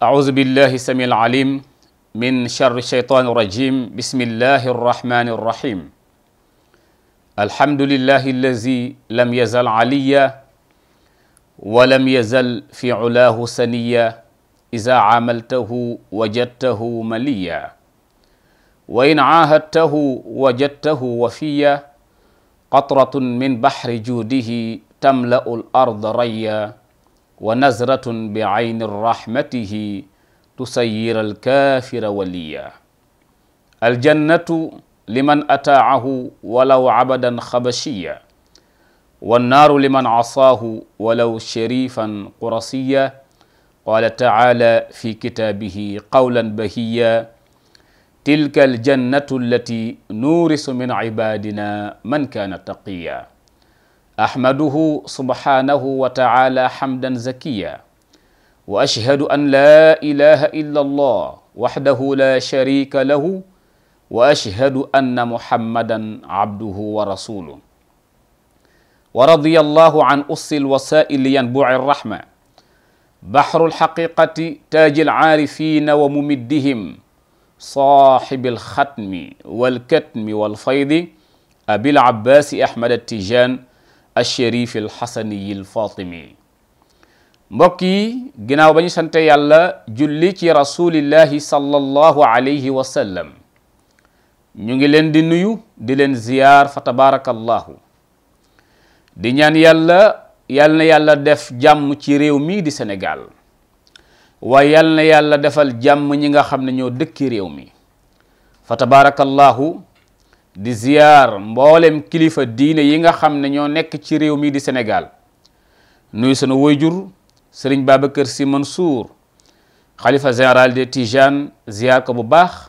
أعوذ بالله السميع العليم من شر الشيطان الرجيم بسم الله الرحمن الرحيم الحمد لله الذي لم يزل عليا ولم يزل في علاه سنيا إذا عاملته وجدته مليا وإن عاهدته وجدته وفيا قطرة من بحر جوده تملأ الأرض ريا wa nazratun bi ayni rahmatihi tusayira alkaafira waliya aljannatu liman ataahu walaw abadan xabashiya wannaaru liman asaahu walaw sharifan qurasiya qaala taala fi kitaabihi qawlan bahiya tilka aljannatu allati nuurisu min ibadina man kaana taqiya أحمده سبحانه وتعالى حمدا زكيا وأشهد أن لا إله إلا الله وحده لا شريك له وأشهد أن محمدا عبده ورسوله ورضي الله عن أص الوسائل ينبوع الرحمة بحر الحقيقة تاج العارفين وممدهم صاحب الختم والكتم والفيض أبي العباس أحمد التيجان alsharif alxasani alfatimi mbokk yi ginnaaw ba ñu sante yàlla julli ci rasulillahi sallallahu alayhi wa sallam ñu ngi leen di nuyu di leen ziyaar fa tabaarakallahu di ñaan yàlla yàl na yàlla def jàmm ci réew mii di Sénégal waaye yàl na yàlla defal jàmm ñi nga xam ne ñoo dëkki réew mi fa tabaarakallahu di ziyaar mboolem kilifa diine yi nga xam ne ñoo nekk ci réew mii di Sénégal nuyu sunu woyjur sëriñ kër Sy Mansour xalifa général de Tijane ziyaar ko bu baax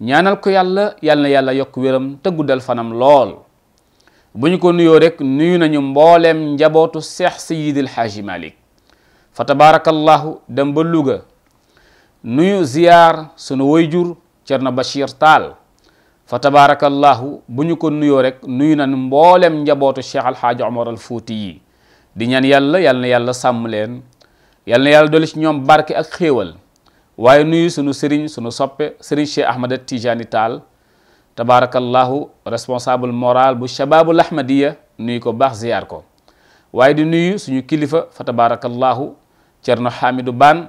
ñaanal ko yàlla yàlla yàlla yokk wéram te guddal fanam lool bu ñu ko nuyoo rekk nuyu nañu mbooleem njabootu seex Seydil Haaji Malick fa tabarakallahu dem ba Louga nuyu ziyaar sunu woyjur Cerno Bachir Taal fa tabaarakallaahu bu ñu ko nuyoo rek nuyu nan mboolem njabootu cheikh alxaaji omar al fuuti yi di ñaan yàlla yàlla na yàlla sàmm leen yàlla na yàlla dolli ci ñoom barke ak xéewal waaye nuyu sunu sëriñ sunu soppe sëriñ cheikh ahmad at tijani taal tabaarakallaahu responsable moral bu shababul ahmadiya nuyu ko baax ziyaar ko waaye di nuyu suñu kilifa fa tabaarakallaahu cerno xaamidu baan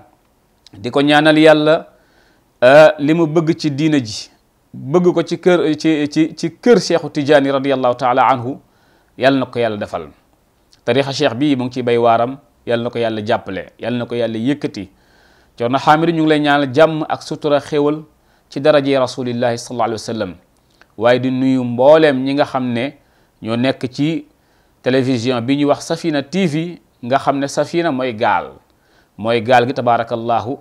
di ko ñaanal yàlla eh, li mu bëgg ci diina ji bëgg ko ci kër ci ci ci kër cheikhu Tijaani radiallahu taala anhu yal na ko yàlla defal tarixa cheikh bii mu ngi ciy bay waaram yàlla na ko yàlla jàppale yàlla na ko yàlla yëkkati Cerno Hamidou ñu ngi lay ñaanal jàmm ak sutura xéwal ci daraje rasulillahi sallallahu alayhi wa waaye di nuyu mbooleem ñi nga xam ne ñoo nekk ci télévision bi ñuy wax Safina TV nga xam ne Safina mooy gaal mooy gaal gi tabaarakallahu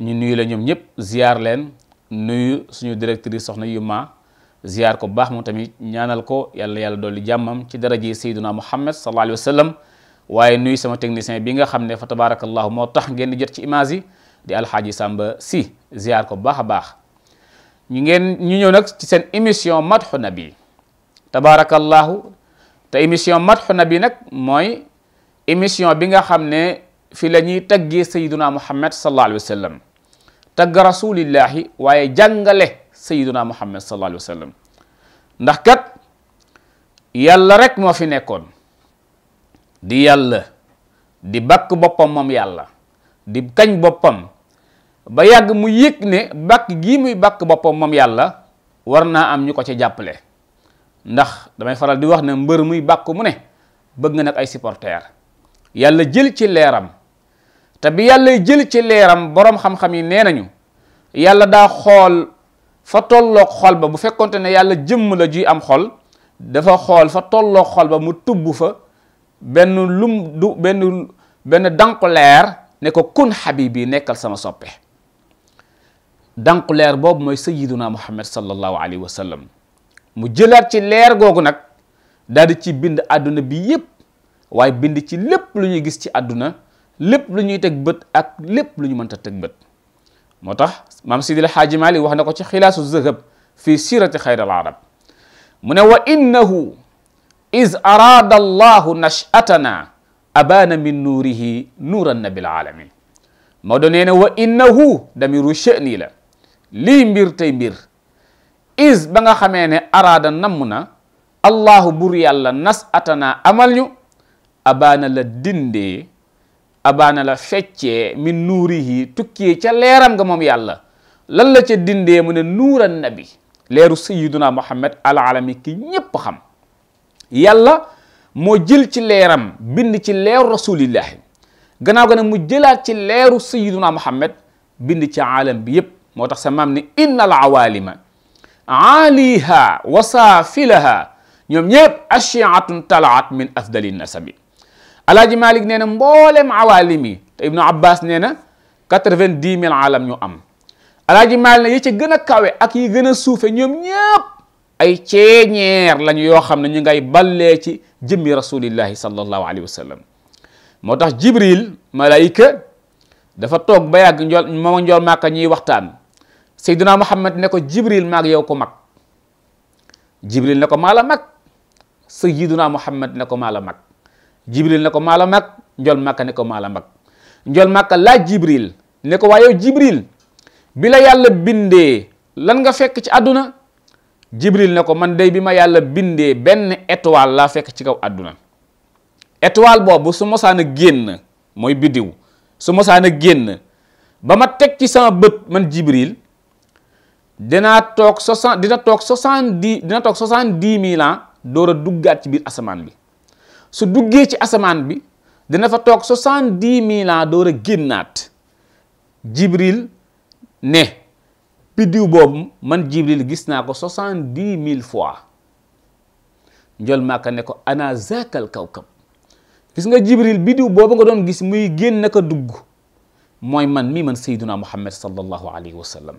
ñu nuyu la ñoom ñëpp ziar leen nuyu suñu directrice soxna yu Yuma ziar ko baax moom tamit ñaanal ko yàlla yàlla dolli jàmmam ci daraje sayduna muhammad sallallahu alayhi wa sallam waaye nuyu sama technicien bi nga xam ne fa tabarakallahu moo tax ngeen di jot ci image yi di alxaaji Samba si ziar ko baax a baax ñu ngeen ñu ñëw nag ci seen émission madhu nabi tabarakallahu te émission madhu nabi nag mooy émission bi nga xam ne fi la ñuy taggee sayduna muhammad sallallahu alayhi wa sallam tagg rasulillahi waaye jàngale sayiduna muhammad sallallahu alayhi wa sallam ndax kat yàlla rekk moo fi nekkoon di yàlla di bakk boppam moom yàlla di kañ boppam ba yàgg mu yëg ne bakk gii muy bakk boppam moom yàlla war naa am ñu ko ci jàppale ndax damay faral di wax ne mbër muy bàkk mu ne bëgg nga nag ay supporter yàlla jël ci leeram te bi yàlla jël ci leeram boroom xam-xam yi nee nañu yàlla daa xool fa tolloog xol ba bu fekkonte ne yàlla jëmm la ji am xol dafa xool fa tolloog xol ba mu tubb fa benn lum du benn benn leer ne ko kun habibi nekkal sama soppe danku leer boobu mooy sayyiduna muhammad sallallahu alayhi wa sallam mu jëlaat ci leer googu nag daal di ci bind àdduna bi yépp waaye bind ci lépp lu ñuy gis ci àdduna lépp lu ñuy teg bët ak lépp lu ñu mënta teg bët moo tax maam sidil xaaji maali wax na ko ci xilaasu zahab fi sirati xayr al arab mu ne wa innahu iz araada allahu nashatana abaana min nuurihi nuuran nabil alamin Maodo nee na wa innahu damiru sha'ni la lii mbir tey mbir is ba nga xamee ne araada namm na allahu bur yàlla nas atanaa amal ñu abaana la dindee abaana la feccee min nuurihi tukkee ca leeram nga moom yàlla lan la ca dindee mu ne nuur annabi leeru sayiduna muhammad alalami ki ñépp xam yàlla moo jël ci leeram bind ci leeru rasulillahi gannaaw ga nag mu jëlaat ci leeru sayiduna muhammad bind ci aalam bi yépp moo tax sa maam ni inna al awaalima aaliha wa saafilaha ñoom talaat min afdali nasabi alaaji malik nee na mboolem awalim yi te ibnu abbas nee na quatre-vingt-dix mille alam ñu am alaaji malik ne yi ci gën a kawe ak yi gën a suufe ñoom ñëpp ay ceeñeer lañu yoo xam ne ñu ay ballee ci jëmmi rasulillahi sallallahu alayhi wa moo tax jibril malaika dafa toog ba yàgg njool mooma njool màkka ñuy waxtaan sayduna muhammad ne ko jibril maag yow ko mag jibril ne ko maa la mag sayyiduna muhammad ne ko maa mag jibril ne ko maa la mag njol màkka ne ko maa la mag njol màkka laaj jibril ne ko waaye yow jibril bi la yàlla bindee lan nga fekk ci àdduna jibril ne ko man day bi ma yàlla bindee benn étoile laa fekk ci kaw àdduna étoile boobu su mosaan a génn mooy biddiw su mosaan a génn ba ma teg ci sama bët man jibril dinaa toog soixante dina toog soixante dix dina toog soixante dix milan ans door a duggaat ci biir asamaan bi su duggee ci asamaan bi dina fa toog soixante-dix mille ans door a génnaat Jibril ne biddiw boobu man Jibril gis naa ko soixante-dix mille fois njol Màkka ne ko ana zaakal kawkab gis nga Jibril biddiw boobu nga doon gis muy génn naka dugg mooy man mii man sayduna muhammad sallallahu alayhi wa sallam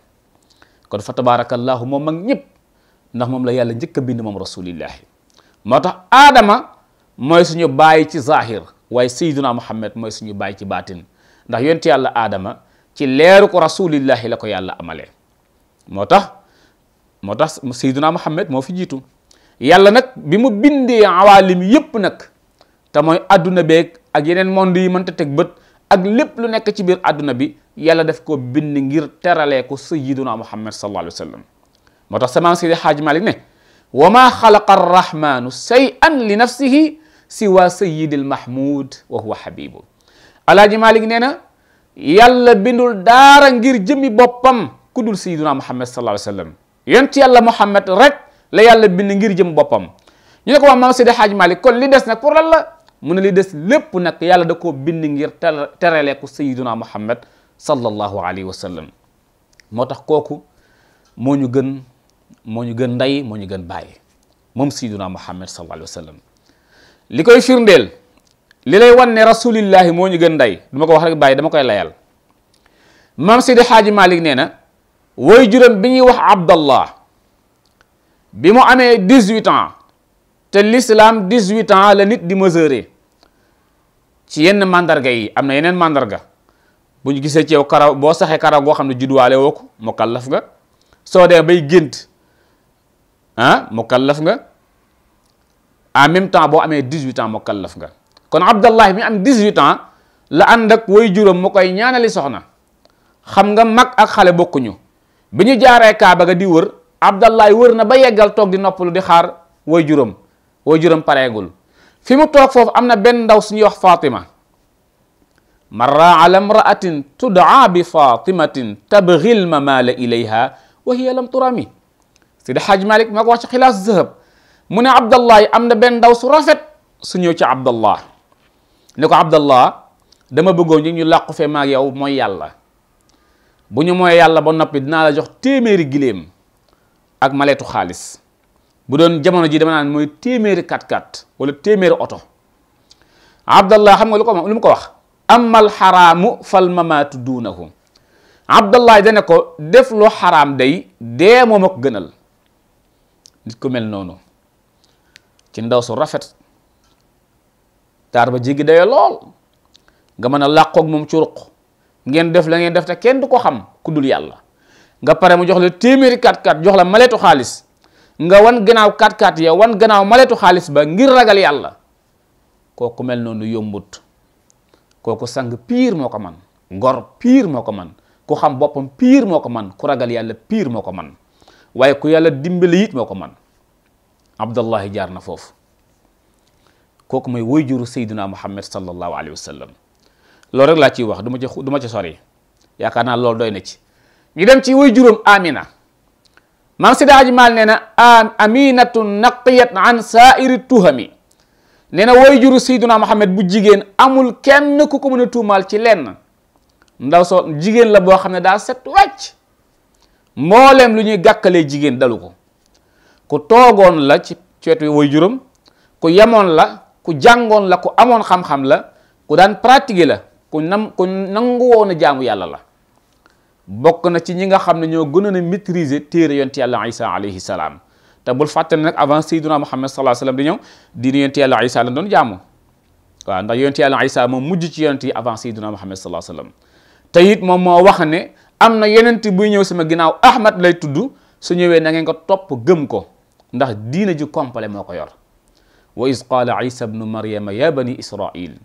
kon fa tabarakallahu moom mag ñëpp ndax moom la yàlla njëkk bind moom rasulillahi moo tax aadama mooy suñu baay ci zahir waaye sayyiduna muhammad mooy suñu baay ci baatin ndax yonent yàlla aadama ci leeru ko rasulillahi la ko yàlla amale moo tax moo tax sayyiduna muhammad moo fi jiitu yàlla nag bi mu bindee awaalim yépp nag te mooy adduna beeg ak yeneen monde yi mënta teg bët ak lépp lu nekk ci biir adduna bi yàlla def ko bind ngir teralee ko sayyiduna muhammad sallallahu alayhi wa sallam moo tax sama seydi xaaj malik ne wa maa xalaqa arrahmanu shay'an li nafsihi siwa sayidil mahmud wa huwa habibu alaaji malik nee na yàlla bindul daara ngir jëmi boppam ku dul sayiduna muhammad sallallahu alayhi wasallam yonent yàlla muhammad rek la yàlla bind ngir jëm boppam ñu ne ko wax maam seydi haaji malik kon li des nag pour lan la mu ne li des lépp nag yàlla da koo bind ngir terale ko sayiduna muhammad sallallahu alayhi wa sallam moo tax kooku moo ñu gën moo ñu gën ndey moo ñu gën bàyyi moom sayiduna muhammad sallallahu alayhi wa sallam li koy firndeel li lay wan ne rasulillahi moo ñu gën ndey du ko wax rek bàyyi dama koy layal maam Seydi Xaaji Malik nee na woy juróom bi ñuy wax abdallah bi mu amee dix-huit ans te l'islam dix-huit ans la nit di mesurer ci yenn mandarga yi am na yeneen màndarga bu ñu gisee ci yow karaw boo saxee karaw goo xam ne judduwaale woo ko mukallaf nga soo dee bay gént ah mukallaf nga en même temps boo amee 18 ans mukallaf nga kon Abdallah mi am 18 ans la ànd ak way juróom mu koy ñaanali soxna xam nga mag ak xale bokkuñu bi ñu jaaree Kaaba ga di wër Abdallah wër na ba yeggal toog di noppalu di xaar way juróom way juróom pareegul fi mu toog foofu am na benn ndaw suñuy wax Fatima marra ala mraatin tudaa bi fatimatin tabghi lmamala ilayha wa hiya lam turami Sidi Haj Malik ma ko wax ci mu ne abdallahi am na benn ndaw su rafet su ñëw ci abdallah ne ko abdallah dama bëggoon ñi ñu làqu fee maag yow mooy yàlla bu ñu mooy yàlla ba noppi dinaa la jox téeméeri giléem ak maleetu xaalis bu doon jamono ji dama naan mooy téeméeri kat-kat wala téeméeri oto abdallah xam nga lu ko lu ko wax amal xaraamu fal mamaatu duunahu abdallah dane ko def lu xaraam day dee moom a gënal nit ku mel noonu ci ndaw su rafet taar ba jéggi dayo lool nga mën a làqoog moom ci ruq ngeen def la ngeen def te kenn du ko xam ku dul yàlla nga pare mu jox la téeméeri 4 x jox la maletu xaalis nga wan gannaaw 4x4 ya wan gannaaw maletu xaalis ba ngir ragal yàlla kooku mel noonu yombut kooku sang piir moo ko man ngor piir moo ko man ku xam boppam piir moo ko man ku ragal yàlla piir moo ko man waaye ku yàlla dimbali it moo ko man abdallahi jaar na foofu kooku mooy woy juru sayduna muhammad sallallahu alayhi wa sallam loolu rek laa ciy wax du ma ci du ma ci sori yaakaar naa loolu doy na ci ñu dem ci woy juróom amina maam sida aji maal nee na aminatu naqiyat an saairi tuhami nee na woy juru sayduna muhammad bu jigéen amul kenn ku ko mën a tuumaal ci lenn ndaw so jigéen la boo xam ne daa set wàcc mboolem lu ñuy gàkkalee jigéen dalu ko ku toogoon la ci ceetu way juróom ku yamoon la ku jàngoon la ku amoon xam-xam la ku daan pratiquer la ku nam ku nangu woon a jaamu yàlla la bokk na ci ñi nga xam ne ñoo gënoon a maîtriser téere yonti yàlla isa alayhi salaam te bul fàtte nag avant sayyiduna muhammad sallallahu alayhi wasallam di ñëw diine yonti yàlla isa la doon jaamu waaw ndax yonti yàlla isa moom mujj ci yonent yi avant sayyiduna muhammad sallallahu alayhi wasallam te it moom moo wax ne am na yonent buy ñëw sama ginnaaw ahmad lay tudd su ñëwee na ngeen ko topp gëm ko ndax diina ju complet moo ko yor wa is qaala isa bnu ya bani israil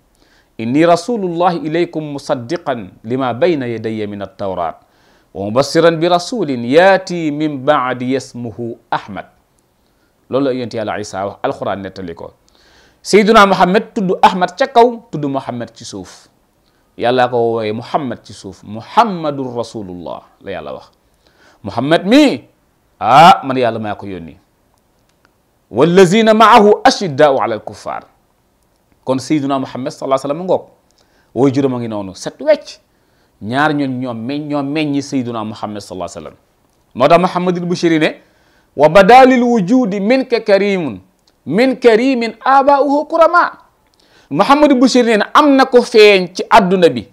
inni rasulullahi ilaykum musaddiqan lima bayna yadaya min altawrat wa mubassiran bi rasulin yaati min baadi yasmuhu ahmad loolu la yonent yàlla isa wax ko sayduna muhammad tudd ahmad ca kaw tudd muhammad ci suuf yàlla ko woowee muhammad ci suuf muhammadun rasulullah la yàlla muhammad mi ah man yàlla maa ko yónni wallazina maahu ashiddaau ala alkuffar kon sayyiduna muhammad sallallahu alayhi wa sallam ngoog wooy juróom a noonu set wecc ñaar ñoon ñoo meñ ñoo meññi sayyiduna muhammad sallallahu alayhi wa sallam moo tax muhammadul bushiri ne wa badalil wujudi minka karimun min karimin abauhu kurama muhammadu na am na ko feeñ ci adduna bi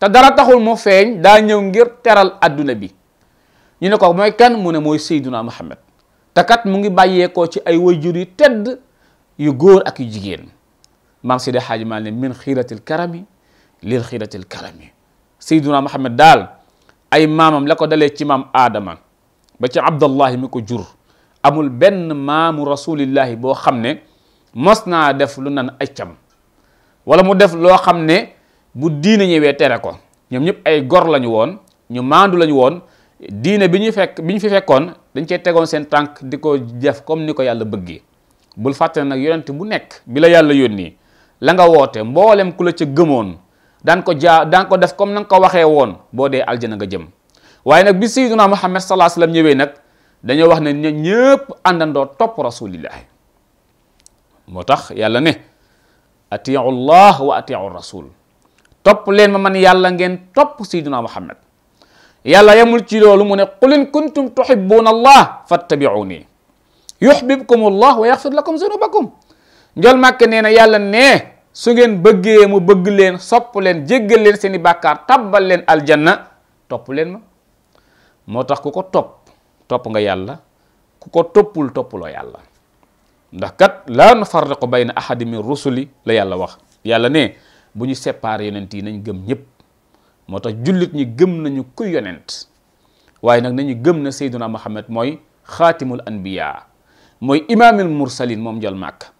te dara taxul mu feeñ daa ñëw ngir teral adduna bi ñu ne ko mooy kan mu ne mooy muhammad te mu ngi bàyyeekoo ci ay wayjur yu tëdd yu góor ak yu jigéen maam Seydi Haaji Maalik ne min xiiratil karami lil xiiratil karami Seydina Muhammad daal ay maamam la ko dalee ci maam Aadama ba ci Abdallahi mi ko jur amul benn maamu rasulillahi boo xam ne mos naa def lu nan ay cam wala mu def loo xam ne bu diine ñëwee tere ko ñoom ñëpp ay gor lañu woon ñu maandu lañu woon diine bi ñu fekk bi ñu fi fekkoon dañ cee tegoon seen tànk di ko def comme ni ko yàlla bëggee bul fàtte nag yonent bu nekk bi la yàlla yónni la nga woote mboolem ku la ca gëmoon daan ko jaar daan ko def comme na nga ko waxee woon boo dee aljana nga jëm waaye nag bi sayyiduna Muhammad sallallahu alayhi wasallam ñëwee nag dañoo wax ne ña ñëpp àndandoo topp rasulillahi moo tax yàlla ne atiu llah wa atiu rasul topp leen ma man yàlla ngeen topp sayyiduna Muhammad yàlla yamul ci loolu mu ne qul in kuntum tuhibbuuna allah fattabi'uuni yuhbibkum allah wa yaxfir lakum zunubakum njol màkk nee na yàlla nee su ngeen bëggee mu bëgg leen sopp leen jéggal leen seeni bàkkaar tabbal leen aljanna topp leen ma moo tax ku ko topp topp nga yàlla ku ko toppul toppuloo yàlla ndax kat laa nufarriqu bayna ahadi min rusuli la yàlla wax yàlla ne bu ñu séparé yonent yi nañ gëm ñëpp moo tax jullit ñi gëm nañu ku yonent waaye nag nañu gëm na sayduna muhammad mooy xaatimul anbiya mooy imaamul mursalin moom jol màkk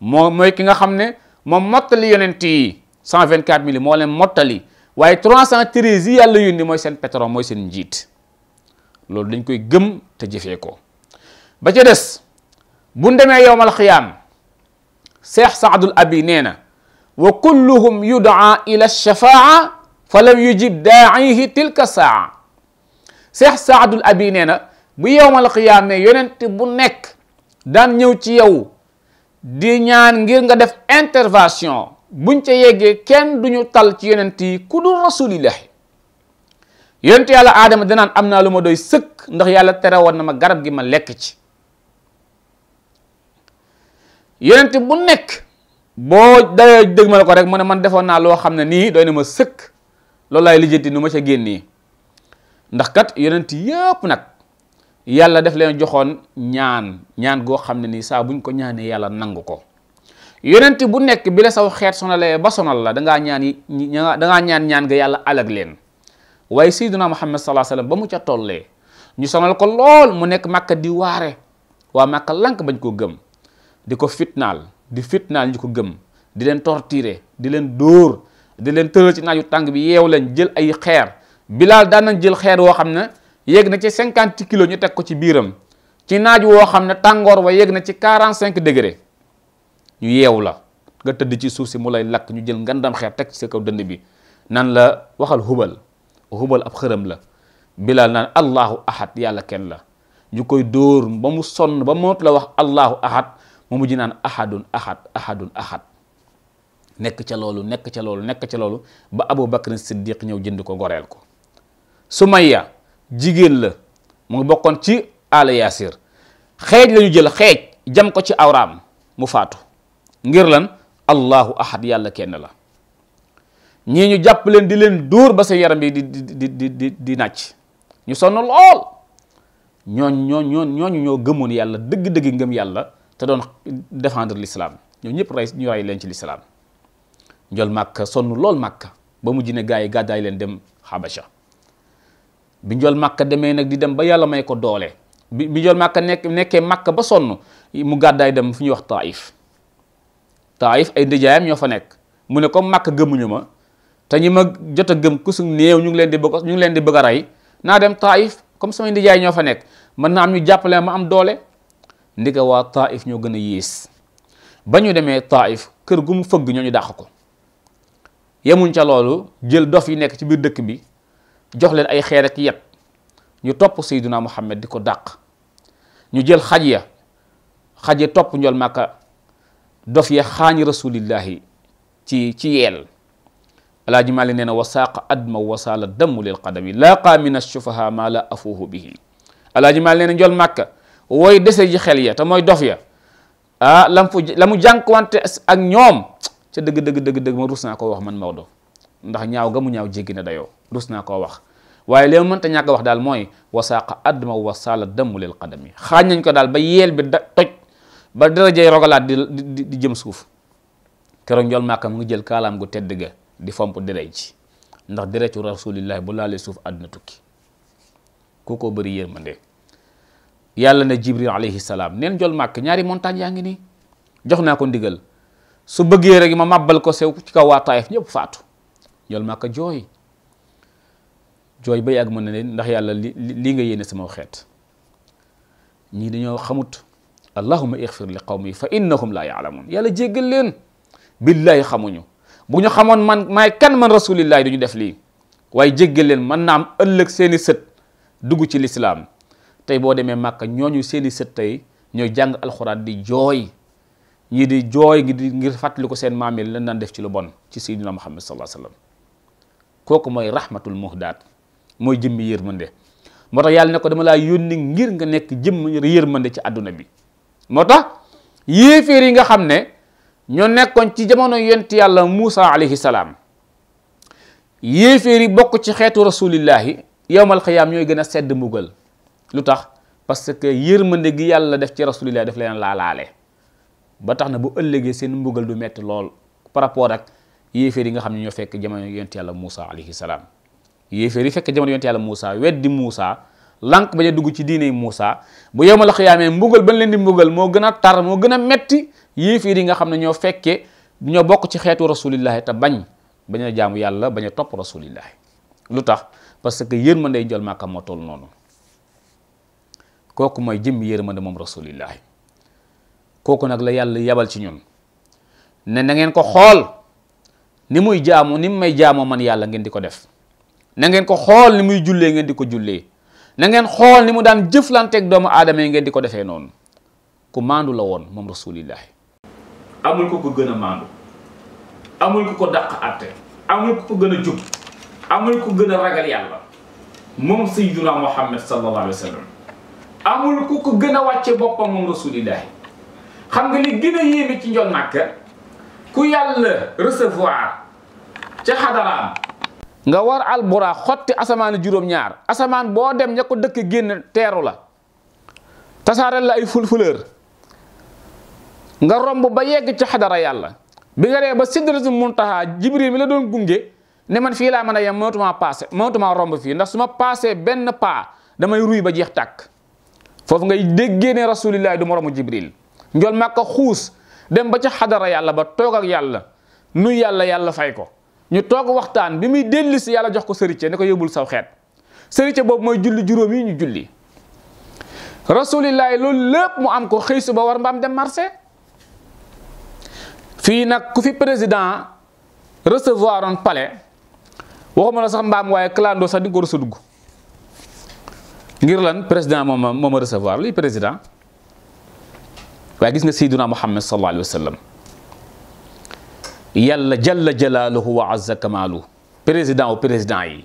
moo mooy ki nga xam ne moom mottali yonent yi cent vingt quatre milli moo leen mottali waaye trois cent treize yi yàlla yónni mooy seen patron mooy seen njiit loolu dañ koy gëm te jëfe ko ba ca des bu demee yowmal xiyaam seex saadul abi nee na wa kulluhum yudaa ila shafaa fa lam yujib daayihi tilka saa Cheikh Saadul Abi nee na bu yow yowmal qiyaame yonent bu nekk daan ñëw ci yow di ñaan ngir nga def intervention buñ ca yeggee kenn du ñu tal ci yonent yi ku dul rasulillahi yonent yàlla aadama danaan am naa lu ma doy sëkk ndax yàlla tere woon na ma garab gi ma lekk ci yonent bu nekk boo dayee dëgmal ko rek mu ne man defoon naa loo xam ne nii doy na ma sëkk loolu laay lijjanti nu ma ca génnee ndax kat yonent yépp nag yàlla def leen joxoon ñaan ñaan goo xam ne nii saa buñ ko ñaanee yàlla nangu ko yonent bu nekk bi la saw xeet sonalee ba sonal la dangaa ñaan dangaa ñaan ñaan yàlla alag leen waaye sayyiduna Muhammad sallallahu alayhi wasallam ba mu ca tollee ñu sonal ko lool mu nekk màkka di waare waa màkka lank bañ ko gëm di ko fitnaal di fitnaal ñu ko gëm di leen torturer di leen dóor di leen tëral ci naaju tàng bi yeew leen jël ay xeer bilaal daan nañ jël xeer woo xam ne yéeg na ci cinquante kilos ñu teg ko ci biiram ci naaj woo xam ne tàngoor wa yéeg na ci quarante cinq degré ñu yeew la nga tëdd ci suuf si mu lay lakk ñu jël ngandam xeer teg ci sa kaw dënd bi nan la waxal hubal hubal ab xërëm la bilaal naan allahu ahad yàlla kenn la ñu koy dóor ba mu sonn ba mu moot la wax allahu ahad mu mujj naan ahadun ahad ahadun ahad nekk ca loolu nekk ca loolu nekk ca loolu ba Abu Bakr Siddiq ñëw jënd ko goreel ko Sumayya jigéen la mu ngi bokkoon ci ala Yaasir xeej la ñu jël xeej jam ko ci awraam mu faatu ngir lan allahu ahad yàlla kenn la ñii ñu jàpp leen di leen dóor ba sa yaram yi di di di di nàcc ñu sonn lool ñoo ñooñ ñooñ ñooñu ñoo gëmoon yàlla dëgg-dëgg ngëm yàlla te doon défendre l'islam ñoo ñëpp rey ñu rey leen ci l'islam njol màkka sonn lool màkka ba mu ne gaa yi gàddaay leen dem xabasha bi njol màkka demee nag di dem ba yàlla may ko doole bi bi njol màkka nekk nekkee màkka ba sonn mu gàddaay dem fu ñuy wax taif taif ay ndijaayam ñoo fa nekk mu ne comme màkka gëmuñu ma te ñi ma jot a gëm ku su ñu ngi leen di bëgg ñu ngi leen di bëgg a rey naa dem taif comme samay ndijaay ñoo fa nekk mën naa am ñu jàppale ma am doole ndi ko waa taif ñoo gën a yées ba ñu demee taif kër gu mu fëgg ñooñu ñu ko yemuñ ca loolu jël dof yi nekk ci biir dëkk bi jox leen ay xeer ak yet ñu topp sayduna muhammad di ko dàq ñu jël xaj ya xaj ya topp njool màkka dof ya xaañi rasulillahi ci ci yeel alaaji mali nee na wasaaqa adma wasaala damu lil qadami laaqa min ashufaha ma la afuuhu bihi alaaji mali nee njool màkka wooy dese ji xel ya te mooy dof ya ah lam fu ak ñoom ca dëgg dëgg dëgg dëgg ma rus naa koo wax man Maodo ndax ñaaw ga mu ñaaw jéggi na dayoo rus naa koo wax waaye li ma mënta ñàkk wax daal mooy wasaaqa adma wasaala damu lil qadami xaaj nañ ko daal ba yeel bi da toj ba darajey rogalaat di di di jëm suuf keroog njool maaka mu ngi jël kaalaam gu tedd ga di fomp dere ji ndax deretu rasulillahi bu laalee suuf àdduna tukki kookoo bëri yërmande yàlla ne jibril alayhi salaam neen njool màkk ñaari montagne yaa ngi nii jox naa ko ndigal su bëggee rek ma màbbal ko sew ci kaw waa Taayif ñëpp faatu ñool maa jooy jooy ba yàgg mën na leen ndax yàlla li lii nga yéene sama xeet ñii dañoo xamut allahuma ixfir li qawmi fa innahum laa yaalamuun yàlla jéggal leen billahi xamuñu bu ñu xamoon man maay kan man rasulillahi duñu def lii waaye jéggal leen mën naa am ëllëg seeni sët dugg ci lislaam tey boo demee màkk ñoo ñuy seeni sët tey ñooy jàng alxuraan di jooy ñii di jooy gi di ngir fàttali ko seen maam yi lan daan def ci lu bon ci sayyidina Muhammad sallallahu alayhi wasallam kooku mooy rahmatul muhdaat mooy jëmmi yërmande moo tax yàlla ne ko dama laa yónni ngir nga nekk jëmm yërmande ci àdduna bi moo tax yéeféer yi nga xam ne ñoo nekkoon ci jamono yonent yàlla Muusa alayhi salaam yéeféer yi bokk ci xeetu rasulillahi yowmal xiyaam ñooy gën a sedd mbugal lu tax parce que yërmande gi yàlla def ci rasulillahi daf leen laalaale ba tax na bu ëllëgee seen mbugal du metti lool par rapport ak yéeféer yi nga xam ne ñoo fekk jamono yonte yàlla Moussa alayhi salaam yéeféer yi fekk jamono yonte yàlla Moussa weddi Moussa lànq bañ a dugg ci diine Moussa bu yowmal xiyaamee mbugal bañ leen di mbugal moo gën a tar moo gën a metti yéeféer yi nga xam ne ñoo fekkee ñoo bokk ci xeetu rasulillahi te bañ bañ a jaamu yàlla bañ a topp rasulillahi lu tax parce que yërmande njool maaka moo toll noonu kooku mooy jëmm yërmande moom rasulillahi kooku nag la yàlla yabal ci ñun ne na ngeen ko xool ni muy jaamu ni mu may jaamoo man yàlla ngeen di ko def na ngeen ko xool ni muy jullee ngeen di ko jullee na ngeen xool ni mu daan jëflanteek doomu aadama yi ngeen di ko defee noonu ku maandu la woon moom rasulillahi amul ku ko gën a maandu amul ku ko dàq àtte amul ku ko gën a jub amul ku gën a ragal yàlla moom sayyiduna muhammad sallallahu alayhi wa sallam amul ku ko gën a wàcce boppam moom rasulillahi xam nga li gën a yéeme ci njool màkka ku yàlla recevoir ca xadaraam nga war alburaa xotti asamaan juróom-ñaar asamaan boo dem ña ko dëkk génn teeru la tasaare la ay fulfuleur nga romb ba yegg ci xadara yàlla bi nga dee ba sidratul muntaha jibril mi la doon gunge ne man fii laa mën a yem mënatuma passé mënatuma romb fii ndax su ma passé benn paa damay ruy ba jeex tàkk foofu ngay déggee ne rasulillahi du moromu jibril njol màkka xuus dem ba ca xadara yàlla ba toog ak yàlla nu yàlla yàlla fay ko ñu toog waxtaan bi muy dellu si yàlla jox ko sëricë ne ko yóbbul saw xeet sëricë boobu mooy julli juróom yi ñu julli rasulillahi loolu lépp mu am ko xëy su ba war mbaam dem marché fii nag ku fi président recevoir on palais waxuma la sax mbaam waaye clando sax di nga ko rës dugg ngir lan président moom mooma recevoir luy président waaye gis nga sayduna muhammad sallallahu alayhi wa sallam yàlla jalla jalaaluhu wa azza kamaalu président wu président yi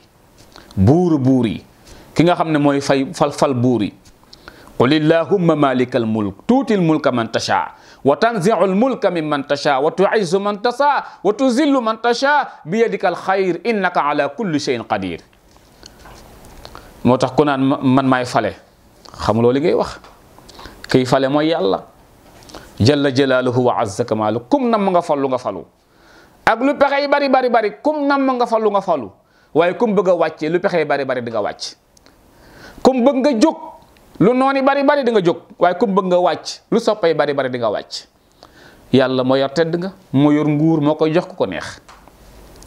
buur buur yi ki nga xam ne mooy fay fal fal buur yi qul illahumma malika al mulk tuutil mulka man tasha wa tanziu al mulka min man tasha wa tuizzu man tasha wa tuzillu man tasha bi yadika al xayr innaka ala kulli cheyin qadir moo tax ku naan man maay fale xamuloo li ngay wax kiy fale mooy yàlla jalla jalaaluhu wa azza kamaalu kum nam nga falu nga falu ak lu pexe yi bari bari bari kum nam nga fallu nga falu waaye comme bëgg a wàccee lu pexe bari bari di nga wàcc kum bëgg nga jóg lu nooni bari bari di nga jóg waaye kum bëgg nga wàcc lu soppay bari bari di nga wàcc yàlla moo yor tedd nga moo yor nguur moo koy jox ko ko neex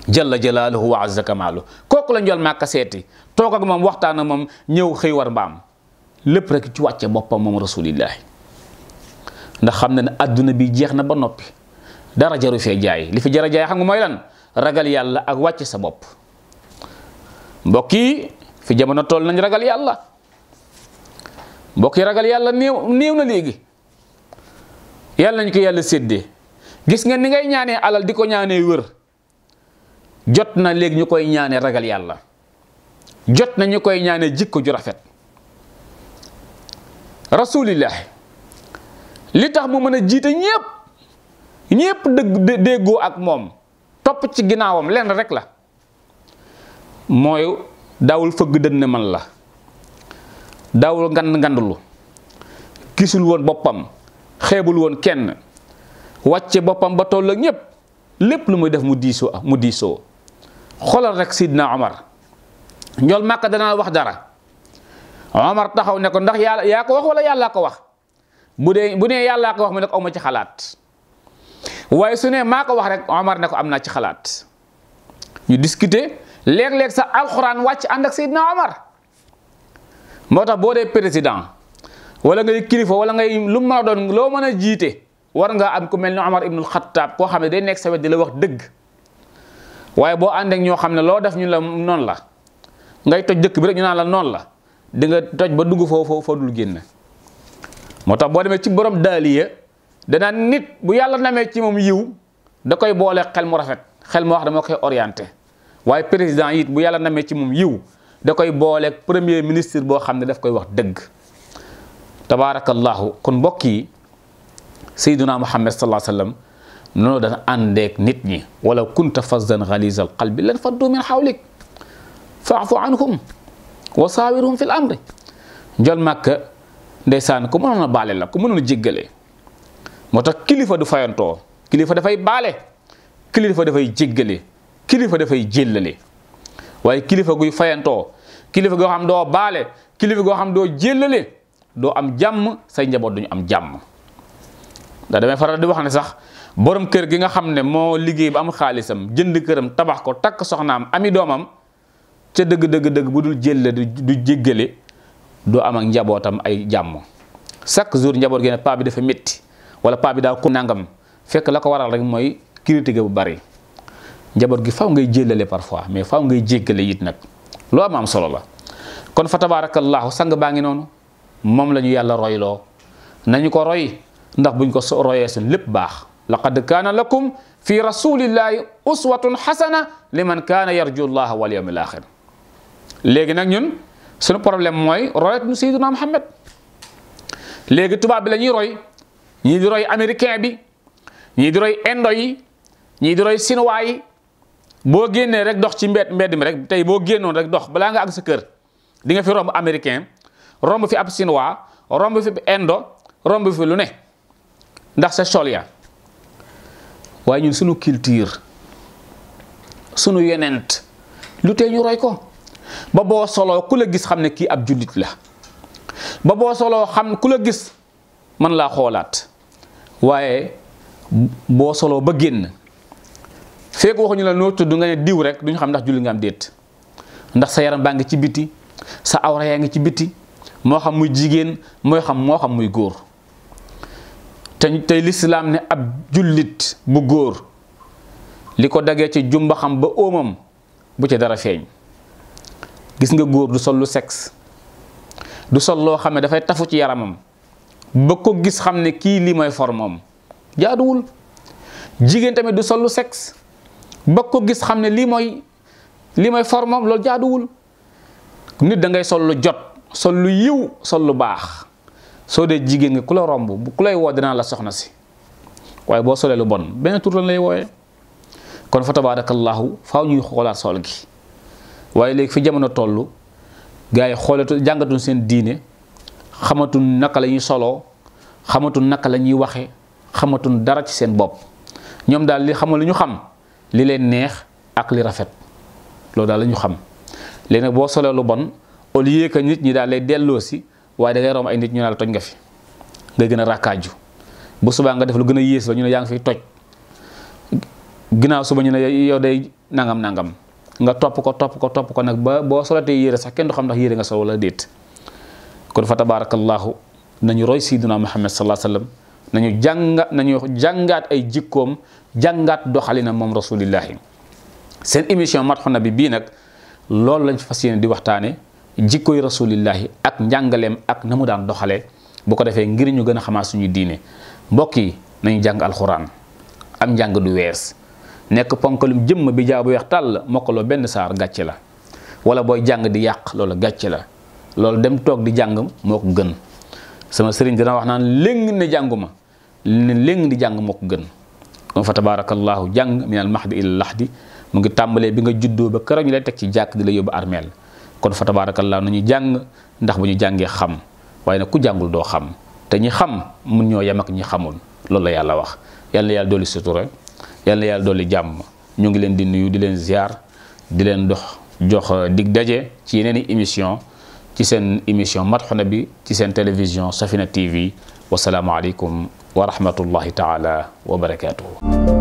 jalla jalaaluhu wa azza kamaalu kooku la njool màkka seeti toog ak moom waxtaan ak moom ñëw xëy war mbaam lépp rek ci wàcce boppam moom rasulillahi ndax xam na ne àdduna bi jeex na ba noppi dara jaru fee jaay li fi jara jaay xam nga mooy lan ragal yàlla ak wàcc sa bopp mbokk yi fi jamono tool nañ ragal yàlla mbokk yi ragal yàlla néew néew na léegi yàlla nañ ko yàlla séddee gis nga ni ngay ñaanee alal di ko ñaanee wër jot na léegi ñu koy ñaanee ragal yàlla jot na ñu koy ñaanee jikko ju rafet rasulillah li tax mu mën a jiite ñépp ñépp dëgg déggoo ak moom topp ci ginnaawam lenn rek la mooy daawul fëgg dënn man la daawul ngand ngandulu gisul woon boppam xeebul woon kenn wàcce boppam ba toll ak ñépp lépp lu muy def mu diisoo mu diisoo xoolal rek Sidna Omar njool Màkka danaa wax dara Omar taxaw ne ndax yàlla yaa ko wax wala yàllaa ko wax bu dee bu nee yàllaa ko wax mu ne aw ma ci xalaat waaye su ne maa ko rek Omar ne ko am naa ci xalaat ñu discuter léeg-léeg sa alxuraan wàcc ànd ak Seydina Omar moo tax boo dee président wala ngay kilifa wala ngay lu mën a doon loo mën a jiite war nga am ku mel ne Omar ibnul Xattaab koo xam ne day nekk sa wet di la wax dëgg waaye boo ànd ak ñoo xam ne loo def ñu la noonu la ngay toj dëkk bi rek ñu naan la noon la di nga toj ba dugg foofu foofu dul génn. moo tax boo demee ci borom daaliya danaa nit bu yàlla namee ci moom yiw da koy boole xel mu rafet xel mu wax dama koy orienté waaye président it bu yàlla namee ci moom yiw da koy booleek premier ministre boo xam ne daf koy wax dëgg tabaarakallaahu kon mbokk yi sayduna muhammad salaa sallam noonu dana àndeek nit ñi wala kunta fasdan xaliza al qalbi lan faddu min xawlik faafu anhum wa saawirhum fi amri ndeysaan ku mënoon a baale la ku mënoon a jéggale moo tax kilifa du fayantoo kilifa dafay baale kilifa dafay jéggale kilifa dafay jéllale waaye kilifa guy fayantoo kilifa goo xam doo baale kilifa goo xam doo jéllale doo am jàmm say njaboot duñu am jàmm da damay faral di wax ne sax boroom kër gi nga xam ne moo liggéey ba am xaalisam jënd këram tabax ko takk soxnaam ami doomam ca dëgg dëgg dëgg bu dul jélle du jéggale doo am ak njabootam ay jàmm chaque jour njaboot gi ne paa bi dafa métti wala paa bi daa ko nangam fekk la ko waral rek mooy critique bu bari njaboot gi faaw ngay jéllale parfois mais faaw ngay jéggale it nag loo am am solo la kon fa tabaarakallaahu sang baa ngi noonu moom la ñu yàlla royloo nañu ko roy ndax buñ ko royee suñ lépp baax laqad kaana lakum fi rasulillahi uswatun xasana liman kaana yarju llaha wal yawmil axir léegi nag ñun suñu problème mooy royatuñu Sayyiduna Muhammad léegi tubaab bi la ñuy roy ñii di roy américain bi ñii di roy indo yi ñii di roy chinois boo génnee rek dox ci mbed mbedd mi rek tey boo génnoon rek dox balaa nga ak sa kër di nga fi romb américain romb fi ab chinois romb fi indo romb lu ne ndax sa sol ya waaye ñun sunu culture sunu yonent lu tee ñu roy ko ba boo soloo ku la gis xam ne kii ab jullit la ba boo soloo xam ku la gis man laa xoolaat waaye boo soloo ba génn fekk waxuñu la noo tudd nga ne diw rek duñu xam ndax julli nga am déet ndax sa yaram baa ngi ci biti sa awra yaa ngi ci biti moo xam muy jigéen mooy xam moo xam muy góor te tey lislaam ne ab jullit bu góor li ko dagee ci jumba xam ba óomam bu ci dara feeñ gis nga góor du sol lu sexe du sol loo xam ne dafay tafu ci yaramam ba ko gis xam ne kii lii mooy formam jaaduwul jigéen tamit du sol lu sexe ba ko gis xam ne lii mooy lii mooy formam loolu jaaduwul nit da ngay sol lu jot sol lu yiw sol lu baax soo dee jigéen ngi ku la romb ku lay woo danaa la soxna si waaye boo solee lu bon benn tur lan lay wooyee kon fa tabaarakallaahu faaw ñuy xoolaat sol gi waaye léegi fi jamono toll gars yi xoolatu jàngatuñ seen diine xamatuñ naka lañuy ñuy soloo xamatuñ naka la ñuy waxe xamatuñ dara ci seen bopp ñoom daal li xamul li ñu xam li leen neex ak li rafet loolu daal la ñu xam léegi nag boo solee lu bon au lieu que nit ñi daal lay delloo si waaye da ngay ay nit ñu naan toj nga fi nga gën a rakkaaju bu subaa nga def lu gën a yées la ne yaa ngi fiy toj ginnaaw suba ñu ne yow day nangam nangam. nga topp ko topp ko topp ko nag ba boo solatee yére sax kenn du xam ndax yére nga sol wala déet kon fa tabaarakallaahu nañu roy sayyidina Muhammad sallallaahu alayhi wa sallam nañu jànga nañu jàngaat ay jikkoom jàngaat doxalinam moom rasulillahi seen émission Madhoun Nabi bii nag loolu lañ fas yéene di waxtaane jikkoy rasulillahi ak njàngaleem ak na mu daan doxalee bu ko defee ngir ñu gën a xamaat suñu diine mbokk yi nañu jàng alxuraan am njàng du wees nekk ponkalum jëmm bi jaabu weex tàll mokkaloo benn saar gàcce la wala booy jàng di yàq loolu gàcce la loolu dem toog di jàng moo ko gën sama sëriñ dina wax naan léng ne jànguma ne léng di jàng moo ko gën kon fa tabaarakallaahu jàng minal mahdi ila lahdi mu ngi tàmbalee bi nga juddoo ba keroog ñu lay teg ci jàkk di la yóbbu armeel kon fa na nañu jàng ndax bu ñu jàngee xam waaye nag ku jàngul doo xam te ñi xam mun ñoo yem ak ñi xamul loolu la yàlla wax yàlla yàlla dolli sutura yal na yàlla dolli jàmm ñu ngi leen di nuyu di leen ziar di leen dox jox euh, dig daje ci yeneen i ci seen émission Madhoun bi ci seen télévision Safina TV wasalaamualeykum wa rahmatullahi taala wa barakaatuhu